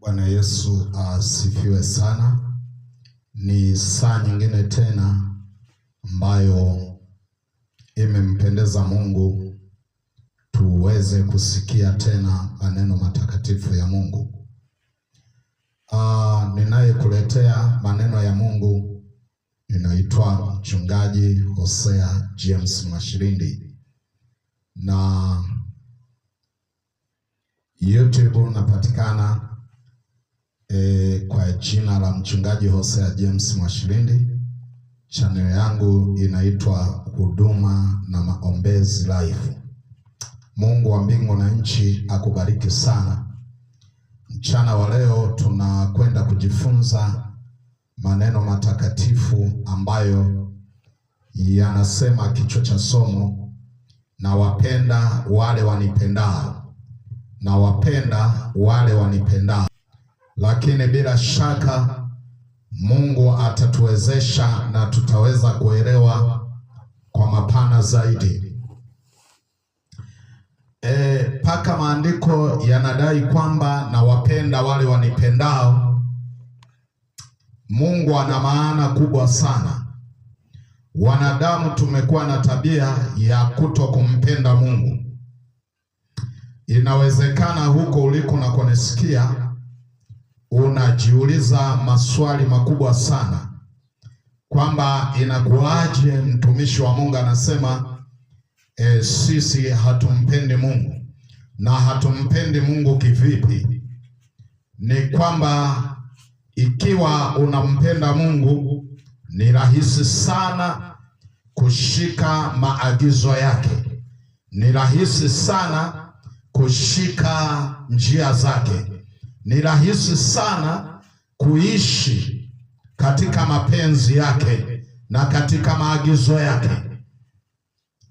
Bwana Yesu asifiwe sana. Ni saa nyingine tena ambayo imempendeza Mungu tuweze kusikia tena maneno matakatifu ya Mungu. Ah, ninayekuletea maneno ya Mungu inaitwa Mchungaji Hosea James Mashirindi na YouTube napatikana e, kwa jina la mchungaji Hosea James Mwashilindi. Chaneli yangu inaitwa Huduma na Maombezi Live. Mungu wa mbingu na nchi akubariki sana. Mchana wa leo tunakwenda kujifunza maneno matakatifu ambayo yanasema kichwa cha somo, na wapenda wale wanipendao, na wapenda wale wanipendao lakini bila shaka Mungu atatuwezesha na tutaweza kuelewa kwa mapana zaidi. E, paka maandiko yanadai kwamba na wapenda wale wanipendao. Mungu ana maana kubwa sana. Wanadamu tumekuwa na tabia ya kuto kumpenda Mungu. Inawezekana huko uliko na kunisikia unajiuliza maswali makubwa sana kwamba inakuwaje mtumishi wa Mungu anasema e, sisi hatumpendi Mungu na hatumpendi Mungu kivipi? Ni kwamba ikiwa unampenda Mungu ni rahisi sana kushika maagizo yake, ni rahisi sana kushika njia zake, ni rahisi sana kuishi katika mapenzi yake na katika maagizo yake.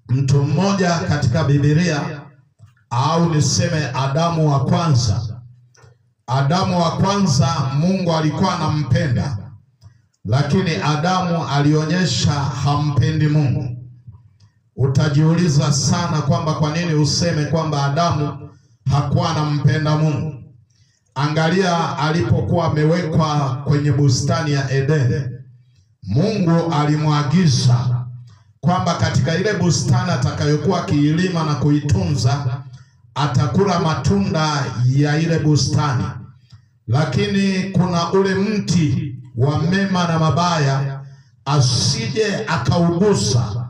Mtu mmoja katika Biblia au niseme Adamu wa kwanza, Adamu wa kwanza, Mungu alikuwa anampenda, lakini Adamu alionyesha hampendi Mungu. Utajiuliza sana kwamba kwa nini useme kwamba Adamu hakuwa anampenda Mungu. Angalia alipokuwa amewekwa kwenye bustani ya Edeni, Mungu alimwagiza kwamba katika ile bustani atakayokuwa akiilima na kuitunza atakula matunda ya ile bustani, lakini kuna ule mti wa mema na mabaya, asije akaugusa,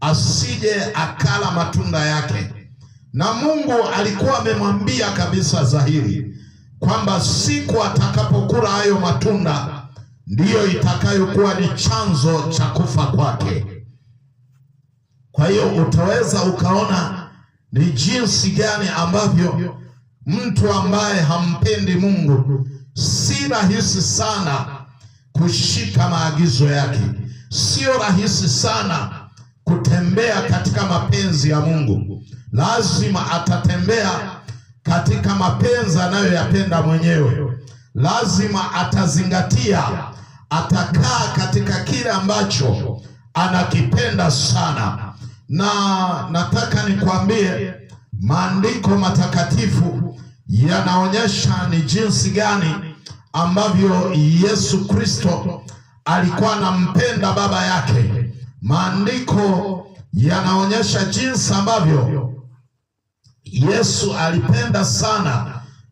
asije akala matunda yake. Na Mungu alikuwa amemwambia kabisa dhahiri kwamba siku atakapokula hayo matunda ndiyo itakayokuwa ni chanzo cha kufa kwake. Kwa hiyo utaweza ukaona ni jinsi gani ambavyo mtu ambaye hampendi Mungu si rahisi sana kushika maagizo yake, sio rahisi sana kutembea katika mapenzi ya Mungu. Lazima atatembea katika mapenzi anayoyapenda mwenyewe. Lazima atazingatia, atakaa katika kile ambacho anakipenda sana, na nataka nikwambie maandiko matakatifu yanaonyesha ni jinsi gani ambavyo Yesu Kristo alikuwa anampenda baba yake. Maandiko yanaonyesha jinsi ambavyo Yesu alipenda sana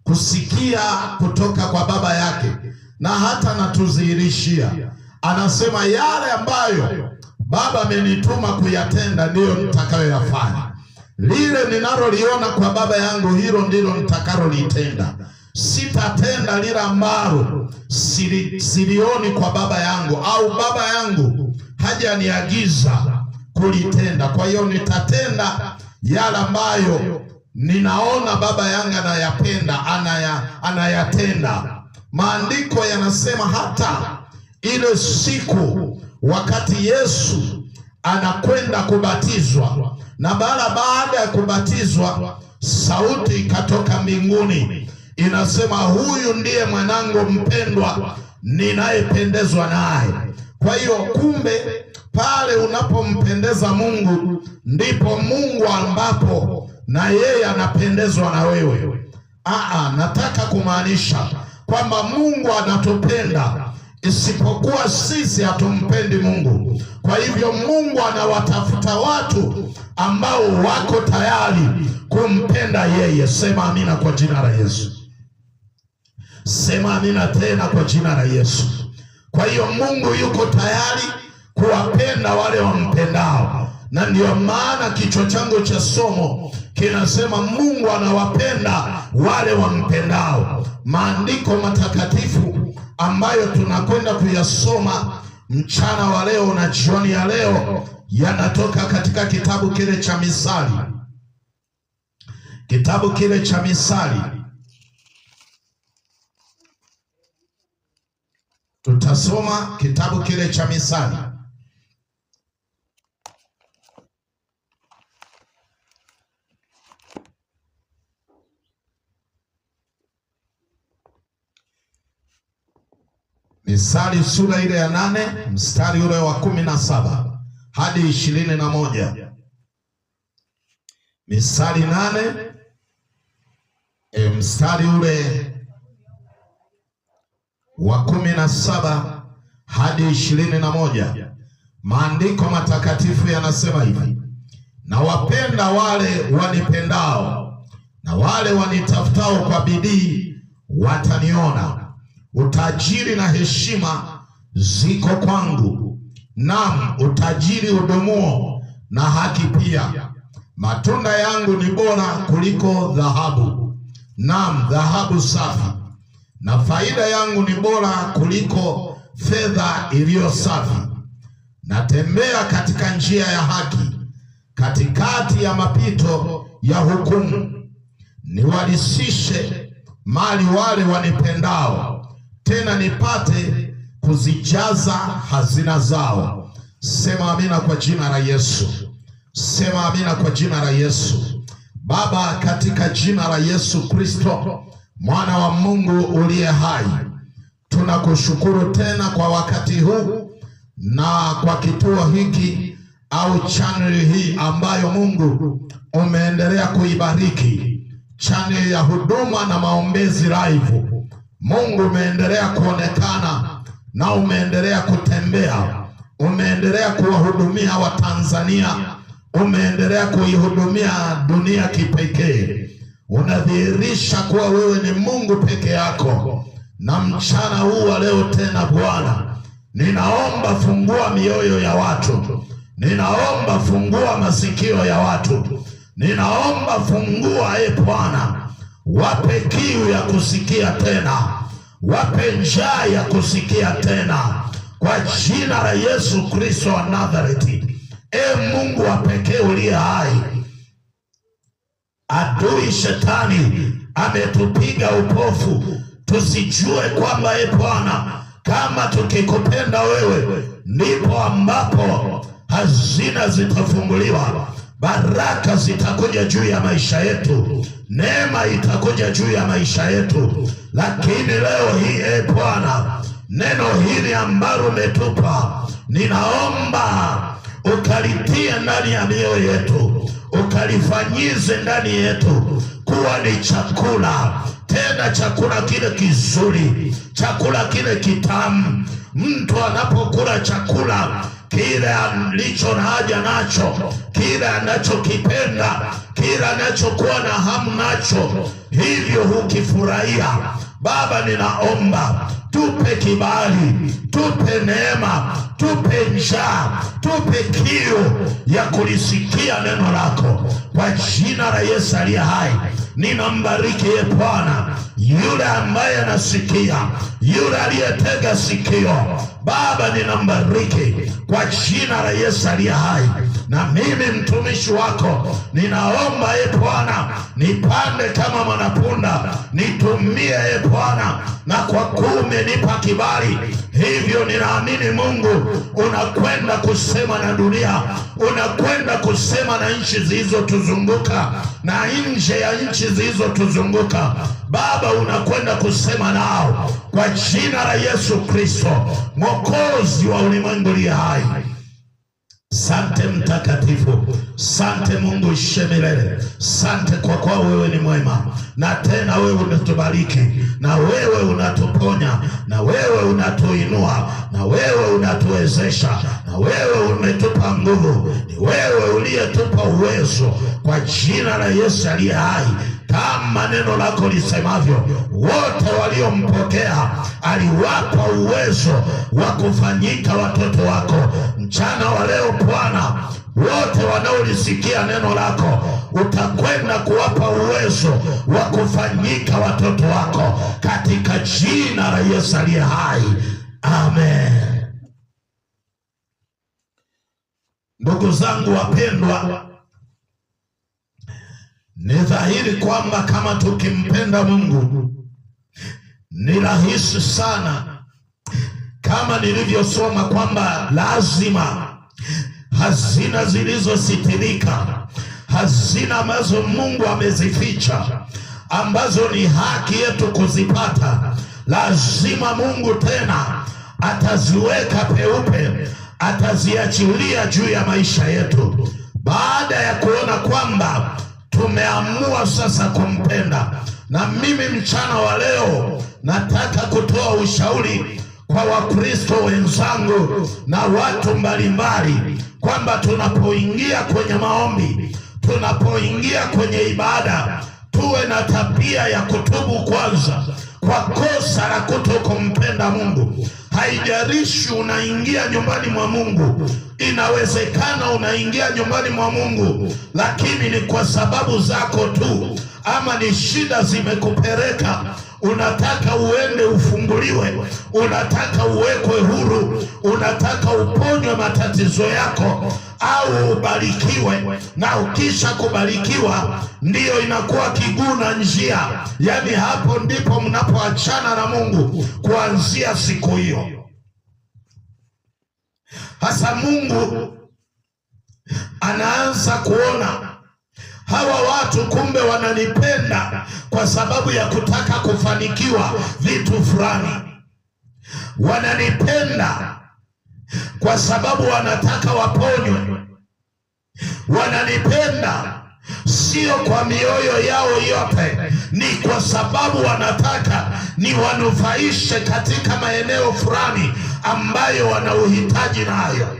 kusikia kutoka kwa Baba yake, na hata natuzihirishia anasema yale ambayo Baba amenituma kuyatenda ndiyo nitakayoyafanya, lile ninaloliona kwa Baba yangu, hilo ndilo nitakalolitenda. Sitatenda lile ambalo sili, silioni kwa Baba yangu au Baba yangu hajaniagiza kulitenda. Kwa hiyo nitatenda yale ambayo ninaona baba yangu anayapenda, anaya, anayatenda. Maandiko yanasema hata ile siku wakati Yesu anakwenda kubatizwa na bara baada ya kubatizwa sauti ikatoka mbinguni inasema, huyu ndiye mwanangu mpendwa ninayependezwa naye. Kwa hiyo kumbe, pale unapompendeza Mungu ndipo Mungu ambapo na yeye anapendezwa na wewe. Aa, nataka kumaanisha kwamba Mungu anatupenda isipokuwa sisi hatumpendi Mungu. Kwa hivyo Mungu anawatafuta watu ambao wako tayari kumpenda yeye. Sema amina kwa jina la Yesu. Sema amina tena kwa jina la Yesu. Kwa hiyo Mungu yuko tayari kuwapenda wale wampendao, na ndiyo maana kichwa changu cha somo kinasema Mungu anawapenda wale wampendao. Maandiko matakatifu ambayo tunakwenda kuyasoma mchana wa leo na jioni ya leo yanatoka katika kitabu kile cha Misali, kitabu kile cha Misali Tutasoma kitabu kile cha Misali Misali sura ile ya nane mstari ule wa kumi na saba hadi ishirini na moja Misali nane e, mstari ule wa kumi na saba hadi ishirini na moja maandiko matakatifu yanasema hivi: na wapenda wale wanipendao, na wale wanitafutao kwa bidii wataniona. Utajiri na heshima ziko kwangu, naam, utajiri udumuo na haki pia. Matunda yangu ni bora kuliko dhahabu, naam, dhahabu safi na faida yangu ni bora kuliko fedha iliyo safi. Natembea katika njia ya haki, katikati ya mapito ya hukumu. Niwalisishe mali wale wanipendao, tena nipate kuzijaza hazina zao. Sema amina kwa jina la Yesu. Sema amina kwa jina la Yesu. Baba, katika jina la Yesu Kristo mwana wa Mungu uliye hai, tunakushukuru tena kwa wakati huu na kwa kituo hiki au chaneli hii ambayo Mungu umeendelea kuibariki, chaneli ya huduma na maombezi live. Mungu umeendelea kuonekana na umeendelea kutembea, umeendelea kuwahudumia Watanzania, umeendelea kuihudumia dunia kipekee unadhihirisha kuwa wewe ni Mungu peke yako. Na mchana huu wa leo tena, Bwana, ninaomba fungua mioyo ya watu, ninaomba fungua masikio ya watu, ninaomba fungua, e Bwana, wape kiu ya kusikia tena, wape njaa ya kusikia tena, kwa jina la Yesu Kristo wa Nazareti. E Mungu wa pekee uliye hai Adui shetani ametupiga upofu tusijue kwamba e Bwana, kama tukikupenda wewe ndipo ambapo hazina zitafunguliwa, baraka zitakuja juu ya maisha yetu, neema itakuja juu ya maisha yetu. Lakini leo hii e Bwana, neno hili ambalo umetupa, ninaomba ukalitie ndani ya mioyo yetu ukalifanyize ndani yetu kuwa ni chakula, tena chakula kile kizuri, chakula kile kitamu. Mtu anapokula chakula kile alicho na haja nacho, kile anachokipenda, kile anachokuwa na hamu nacho, hivyo hukifurahia. Baba, ninaomba tupe kibali, tupe neema, tupe njaa, tupe kiu ya kulisikia neno lako, kwa jina la Yesu aliye hai. Ninambariki ye Bwana, yule ambaye anasikia, yule aliyetega sikio. Baba, ninambariki kwa jina la Yesu aliye hai. Na mimi mtumishi wako ninaomba e Bwana, nipande kama mwanapunda, nitumie e Bwana, na kwa kumi umenipa kibali, hivyo ninaamini Mungu unakwenda kusema na dunia, unakwenda kusema na nchi zilizotuzunguka na nje ya nchi zilizotuzunguka. Baba, unakwenda kusema nao kwa jina la Yesu Kristo, mwokozi wa ulimwengu li hai. Sante mtakatifu. Sante Mungu ishe milele. Sante kwa kuwa wewe ni mwema, na tena wewe unatubariki, na wewe unatuponya, na wewe unatuinua, na wewe unatuwezesha, na wewe umetupa nguvu. Ni wewe uliyetupa uwezo, kwa jina la Yesu aliye hai kama neno lako lisemavyo, wote waliompokea aliwapa uwezo wa kufanyika watoto wako. Mchana wa leo Bwana wote wanaolisikia neno lako utakwenda kuwapa uwezo wa kufanyika watoto wako katika jina la Yesu aliye hai, amen. Ndugu zangu wapendwa, ni dhahiri kwamba kama tukimpenda Mungu ni rahisi sana, kama nilivyosoma kwamba lazima hazina zilizositirika, hazina ambazo Mungu amezificha, ambazo ni haki yetu kuzipata. Lazima Mungu tena ataziweka peupe, ataziachilia juu ya maisha yetu, baada ya kuona kwamba tumeamua sasa kumpenda. Na mimi mchana wa leo nataka kutoa ushauri kwa Wakristo wenzangu na watu mbalimbali kwamba tunapoingia kwenye maombi, tunapoingia kwenye ibada, tuwe na tabia ya kutubu kwanza kwa kosa la kutokumpenda Mungu. haijarishi unaingia nyumbani mwa Mungu, inawezekana unaingia nyumbani mwa Mungu, lakini ni kwa sababu zako tu, ama ni shida zimekupeleka unataka uende ufunguliwe, unataka uwekwe huru, unataka uponywe matatizo yako au ubarikiwe, na ukisha kubarikiwa ndiyo inakuwa kiguu na njia. Yani hapo ndipo mnapoachana na Mungu kuanzia siku hiyo. Hasa Mungu anaanza kuona hawa watu kumbe wananipenda kwa sababu ya kutaka kufanikiwa vitu fulani, wananipenda kwa sababu wanataka waponywe, wananipenda sio kwa mioyo yao yote, ni kwa sababu wanataka niwanufaishe katika maeneo fulani ambayo wana uhitaji nayo.